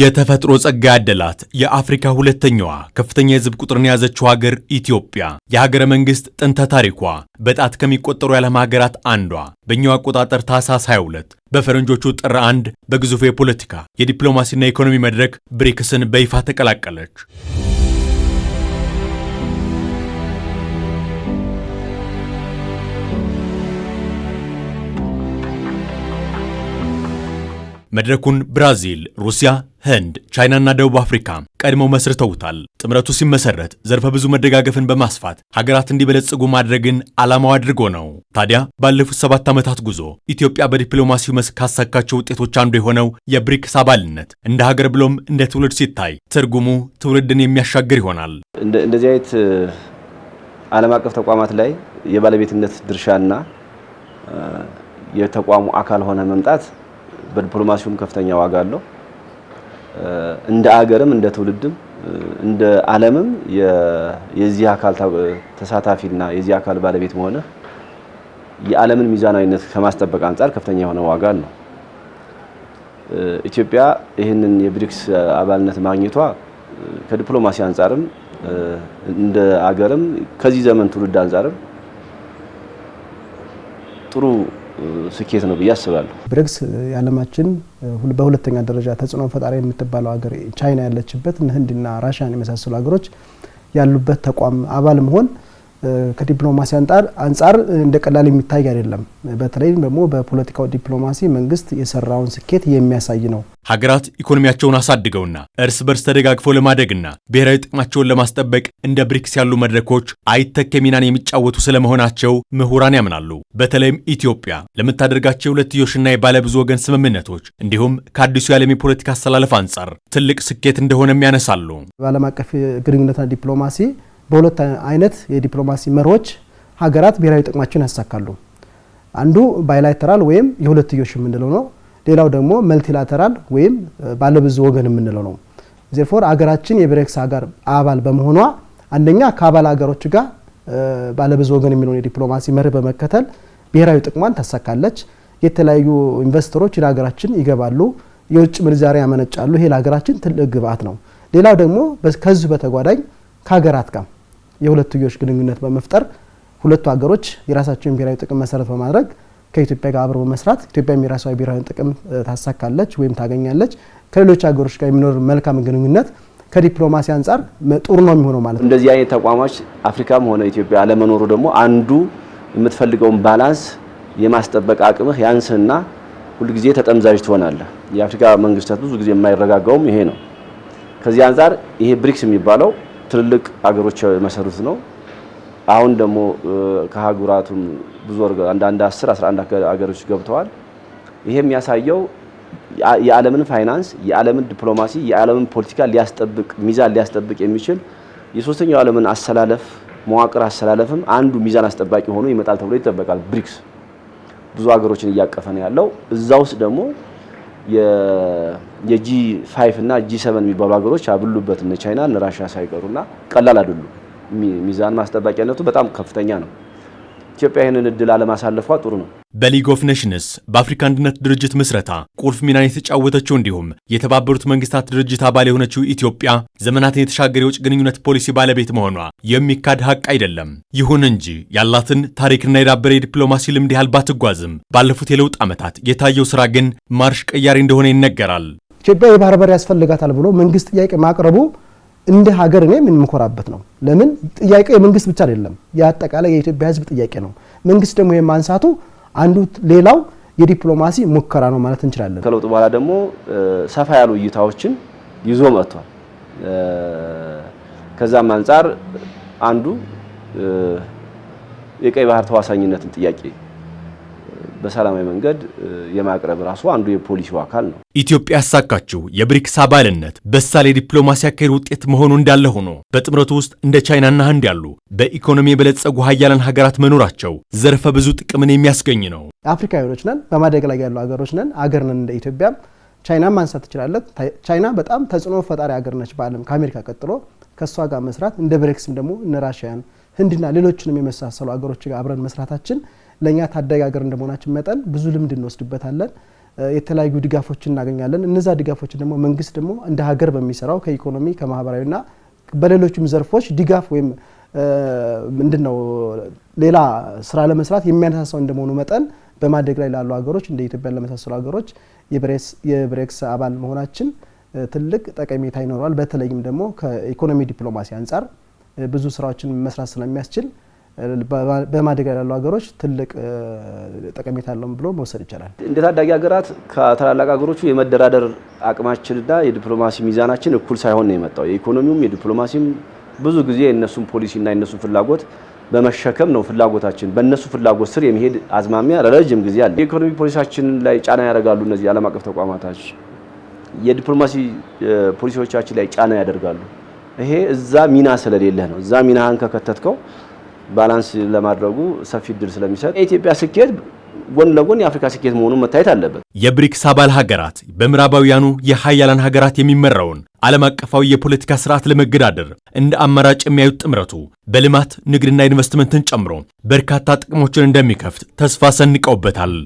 የተፈጥሮ ጸጋ ያደላት የአፍሪካ ሁለተኛዋ ከፍተኛ የህዝብ ቁጥርን የያዘችው ሀገር ኢትዮጵያ የሀገረ መንግስት ጥንተ ታሪኳ በጣት ከሚቆጠሩ የዓለም ሀገራት አንዷ በእኛው አቆጣጠር ታህሳስ 22 በፈረንጆቹ ጥር አንድ በግዙፍ የፖለቲካ የዲፕሎማሲና የኢኮኖሚ መድረክ ብሪክስን በይፋ ተቀላቀለች። መድረኩን ብራዚል፣ ሩሲያ፣ ህንድ፣ ቻይናና ደቡብ አፍሪካ ቀድመው መስርተውታል። ጥምረቱ ሲመሰረት ዘርፈ ብዙ መደጋገፍን በማስፋት ሀገራት እንዲበለጽጉ ማድረግን ዓላማው አድርጎ ነው። ታዲያ ባለፉት ሰባት ዓመታት ጉዞ ኢትዮጵያ በዲፕሎማሲው መስክ ካሳካቸው ውጤቶች አንዱ የሆነው የብሪክስ አባልነት እንደ ሀገር ብሎም እንደ ትውልድ ሲታይ ትርጉሙ ትውልድን የሚያሻግር ይሆናል። እንደዚህ አይነት ዓለም አቀፍ ተቋማት ላይ የባለቤትነት ድርሻና የተቋሙ አካል ሆነ መምጣት በዲፕሎማሲውም ከፍተኛ ዋጋ አለው። እንደ አገርም እንደ ትውልድም እንደ ዓለምም የዚህ አካል ተሳታፊና የዚህ አካል ባለቤት መሆነ የዓለምን ሚዛናዊነት ከማስጠበቅ አንጻር ከፍተኛ የሆነ ዋጋ አለው። ኢትዮጵያ ይህንን የብሪክስ አባልነት ማግኘቷ ከዲፕሎማሲ አንጻርም እንደ አገርም ከዚህ ዘመን ትውልድ አንጻርም ጥሩ ስኬት ነው ብዬ አስባለሁ። ብሪክስ የዓለማችን በሁለተኛ ደረጃ ተጽዕኖ ፈጣሪ የምትባለው ሀገር ቻይና ያለችበት እነ ህንድና ራሽያን የመሳሰሉ ሀገሮች ያሉበት ተቋም አባል መሆን ከዲፕሎማሲ አንጻር እንደ ቀላል የሚታይ አይደለም። በተለይም ደግሞ በፖለቲካው ዲፕሎማሲ መንግስት የሰራውን ስኬት የሚያሳይ ነው። ሀገራት ኢኮኖሚያቸውን አሳድገውና እርስ በርስ ተደጋግፈው ለማደግና ብሔራዊ ጥቅማቸውን ለማስጠበቅ እንደ ብሪክስ ያሉ መድረኮች አይተኬ ሚናን የሚጫወቱ ስለመሆናቸው ምሁራን ያምናሉ። በተለይም ኢትዮጵያ ለምታደርጋቸው የሁለትዮሽና የባለብዙ ወገን ስምምነቶች እንዲሁም ከአዲሱ የዓለም የፖለቲካ አስተላለፍ አንጻር ትልቅ ስኬት እንደሆነም ያነሳሉ። በዓለም አቀፍ ግንኙነትና ዲፕሎማሲ በሁለት አይነት የዲፕሎማሲ መርሆች ሀገራት ብሔራዊ ጥቅማቸውን ያሳካሉ። አንዱ ባይላተራል ወይም የሁለትዮሽ የምንለው ነው። ሌላው ደግሞ መልቲላተራል ወይም ባለብዙ ወገን የምንለው ነው። ዜርፎር አገራችን የብሬክስ ሀገር አባል በመሆኗ አንደኛ ከአባል ሀገሮች ጋር ባለብዙ ወገን የሚለውን የዲፕሎማሲ መርህ በመከተል ብሔራዊ ጥቅሟን ታሳካለች። የተለያዩ ኢንቨስተሮች ወደ ሀገራችን ይገባሉ፣ የውጭ ምንዛሪ ያመነጫሉ። ይሄ ለሀገራችን ትልቅ ግብአት ነው። ሌላው ደግሞ ከዚሁ በተጓዳኝ ከሀገራት ጋር የሁለትዮሽ ግንኙነት በመፍጠር ሁለቱ ሀገሮች የራሳቸውን ብሔራዊ ጥቅም መሰረት በማድረግ ከኢትዮጵያ ጋር አብሮ በመስራት ኢትዮጵያ የራሷ ብሔራዊ ጥቅም ታሳካለች ወይም ታገኛለች። ከሌሎች ሀገሮች ጋር የሚኖር መልካም ግንኙነት ከዲፕሎማሲ አንጻር ጥሩ ነው የሚሆነው ማለት ነው። እንደዚህ አይነት ተቋማች አፍሪካም ሆነ ኢትዮጵያ አለመኖሩ ደግሞ አንዱ የምትፈልገውን ባላንስ የማስጠበቅ አቅምህ ያንስና ሁልጊዜ ተጠምዛዥ ትሆናለህ። የአፍሪካ መንግስታት ብዙ ጊዜ የማይረጋጋውም ይሄ ነው። ከዚህ አንጻር ይሄ ብሪክስ የሚባለው ትልልቅ አገሮች የመሰሩት ነው። አሁን ደግሞ ከሀጉራቱም ብዙ አንዳንድ 10 11 ሀገሮች ገብተዋል። ይሄ የሚያሳየው የዓለምን ፋይናንስ፣ የዓለምን ዲፕሎማሲ፣ የዓለምን ፖለቲካ ሊያስጠብቅ ሚዛን ሊያስጠብቅ የሚችል የሶስተኛው ዓለምን አሰላለፍ መዋቅር አሰላለፍም አንዱ ሚዛን አስጠባቂ ሆኖ ይመጣል ተብሎ ይጠበቃል። ብሪክስ ብዙ ሀገሮችን እያቀፈ ነው ያለው። እዛ ውስጥ ደግሞ የጂ ፋይቭ እና ጂ ሰቨን የሚባሉ ሀገሮች አብሉበት እነ ቻይና እነ ራሽያ ሳይቀሩና ቀላል አይደሉም። ሚዛን ማስጠበቂያነቱ በጣም ከፍተኛ ነው። ኢትዮጵያ ይህንን እድል አለማሳለፏ ጥሩ ነው። በሊግ ኦፍ ኔሽንስ በአፍሪካ አንድነት ድርጅት ምስረታ ቁልፍ ሚናን የተጫወተችው እንዲሁም የተባበሩት መንግስታት ድርጅት አባል የሆነችው ኢትዮጵያ ዘመናትን የተሻገረ የውጭ ግንኙነት ፖሊሲ ባለቤት መሆኗ የሚካድ ሀቅ አይደለም። ይሁን እንጂ ያላትን ታሪክና የዳበረ የዲፕሎማሲ ልምድ ያህል ባትጓዝም ባለፉት የለውጥ ዓመታት የታየው ስራ ግን ማርሽ ቀያሪ እንደሆነ ይነገራል። ኢትዮጵያ የባህር በር ያስፈልጋታል ብሎ መንግስት ጥያቄ ማቅረቡ እንደ ሀገር እኔ የምንኮራበት ነው። ለምን ጥያቄው የመንግስት ብቻ አይደለም፣ የአጠቃላይ የኢትዮጵያ ህዝብ ጥያቄ ነው። መንግስት ደግሞ የማንሳቱ አንዱ ሌላው የዲፕሎማሲ ሙከራ ነው ማለት እንችላለን። ከለውጥ በኋላ ደግሞ ሰፋ ያሉ እይታዎችን ይዞ መጥቷል። ከዛም አንጻር አንዱ የቀይ ባህር ተዋሳኝነትን ጥያቄ በሰላማዊ መንገድ የማቅረብ ራሱ አንዱ የፖሊሲው አካል ነው። ኢትዮጵያ ያሳካችው የብሪክስ አባልነት በሳል የዲፕሎማሲ አካሄድ ውጤት መሆኑ እንዳለ ሆኖ በጥምረቱ ውስጥ እንደ ቻይናና ህንድ ያሉ በኢኮኖሚ የበለጸጉ ሀያላን ሀገራት መኖራቸው ዘርፈ ብዙ ጥቅምን የሚያስገኝ ነው። አፍሪካውያኖች ነን፣ በማደግ ላይ ያሉ ሀገሮች ነን፣ አገር ነን። እንደ ኢትዮጵያ ቻይና ማንሳት ትችላለህ። ቻይና በጣም ተጽዕኖ ፈጣሪ ሀገር ነች በዓለም ከአሜሪካ ቀጥሎ። ከእሷ ጋር መስራት እንደ ብሪክስም ደግሞ እነ ራሽያን፣ ህንድና ሌሎችንም የመሳሰሉ ሀገሮች ጋር አብረን መስራታችን ለእኛ ታዳጊ ሀገር እንደመሆናችን መጠን ብዙ ልምድ እንወስድበታለን። የተለያዩ ድጋፎችን እናገኛለን። እነዛ ድጋፎችን ደግሞ መንግስት ደግሞ እንደ ሀገር በሚሰራው ከኢኮኖሚ ከማህበራዊና በሌሎችም ዘርፎች ድጋፍ ወይም ምንድን ነው ሌላ ስራ ለመስራት የሚያነሳሳው እንደመሆኑ መጠን በማደግ ላይ ላሉ ሀገሮች እንደ ኢትዮጵያ ለመሳሰሉ ሀገሮች የብሬክስ አባል መሆናችን ትልቅ ጠቀሜታ ይኖረዋል። በተለይም ደግሞ ከኢኮኖሚ ዲፕሎማሲ አንጻር ብዙ ስራዎችን መስራት ስለሚያስችል በማደግ ላይ ሀገሮች ትልቅ ጠቀሜታ አለው ብሎ መውሰድ ይቻላል። እንደ ታዳጊ ሀገራት ከታላላቅ ሀገሮቹ የመደራደር አቅማችንና የዲፕሎማሲ ሚዛናችን እኩል ሳይሆን ነው የመጣው። የኢኮኖሚውም የዲፕሎማሲም ብዙ ጊዜ የእነሱን ፖሊሲና የእነሱን ፍላጎት በመሸከም ነው ፍላጎታችን በእነሱ ፍላጎት ስር የሚሄድ አዝማሚያ ረጅም ጊዜ አለ። የኢኮኖሚ ፖሊሲያችን ላይ ጫና ያደርጋሉ። እነዚህ የዓለም አቀፍ ተቋማታች የዲፕሎማሲ ፖሊሲዎቻችን ላይ ጫና ያደርጋሉ። ይሄ እዛ ሚና ስለሌለህ ነው። እዛ ሚናህን ከከተትከው ባላንስ ለማድረጉ ሰፊ እድል ስለሚሰጥ የኢትዮጵያ ስኬት ጎን ለጎን የአፍሪካ ስኬት መሆኑን መታየት አለበት። የብሪክስ አባል ሀገራት በምዕራባውያኑ የሀያላን ሀገራት የሚመራውን ዓለም አቀፋዊ የፖለቲካ ስርዓት ለመገዳደር እንደ አማራጭ የሚያዩት ጥምረቱ በልማት ንግድና ኢንቨስትመንትን ጨምሮ በርካታ ጥቅሞችን እንደሚከፍት ተስፋ ሰንቀውበታል።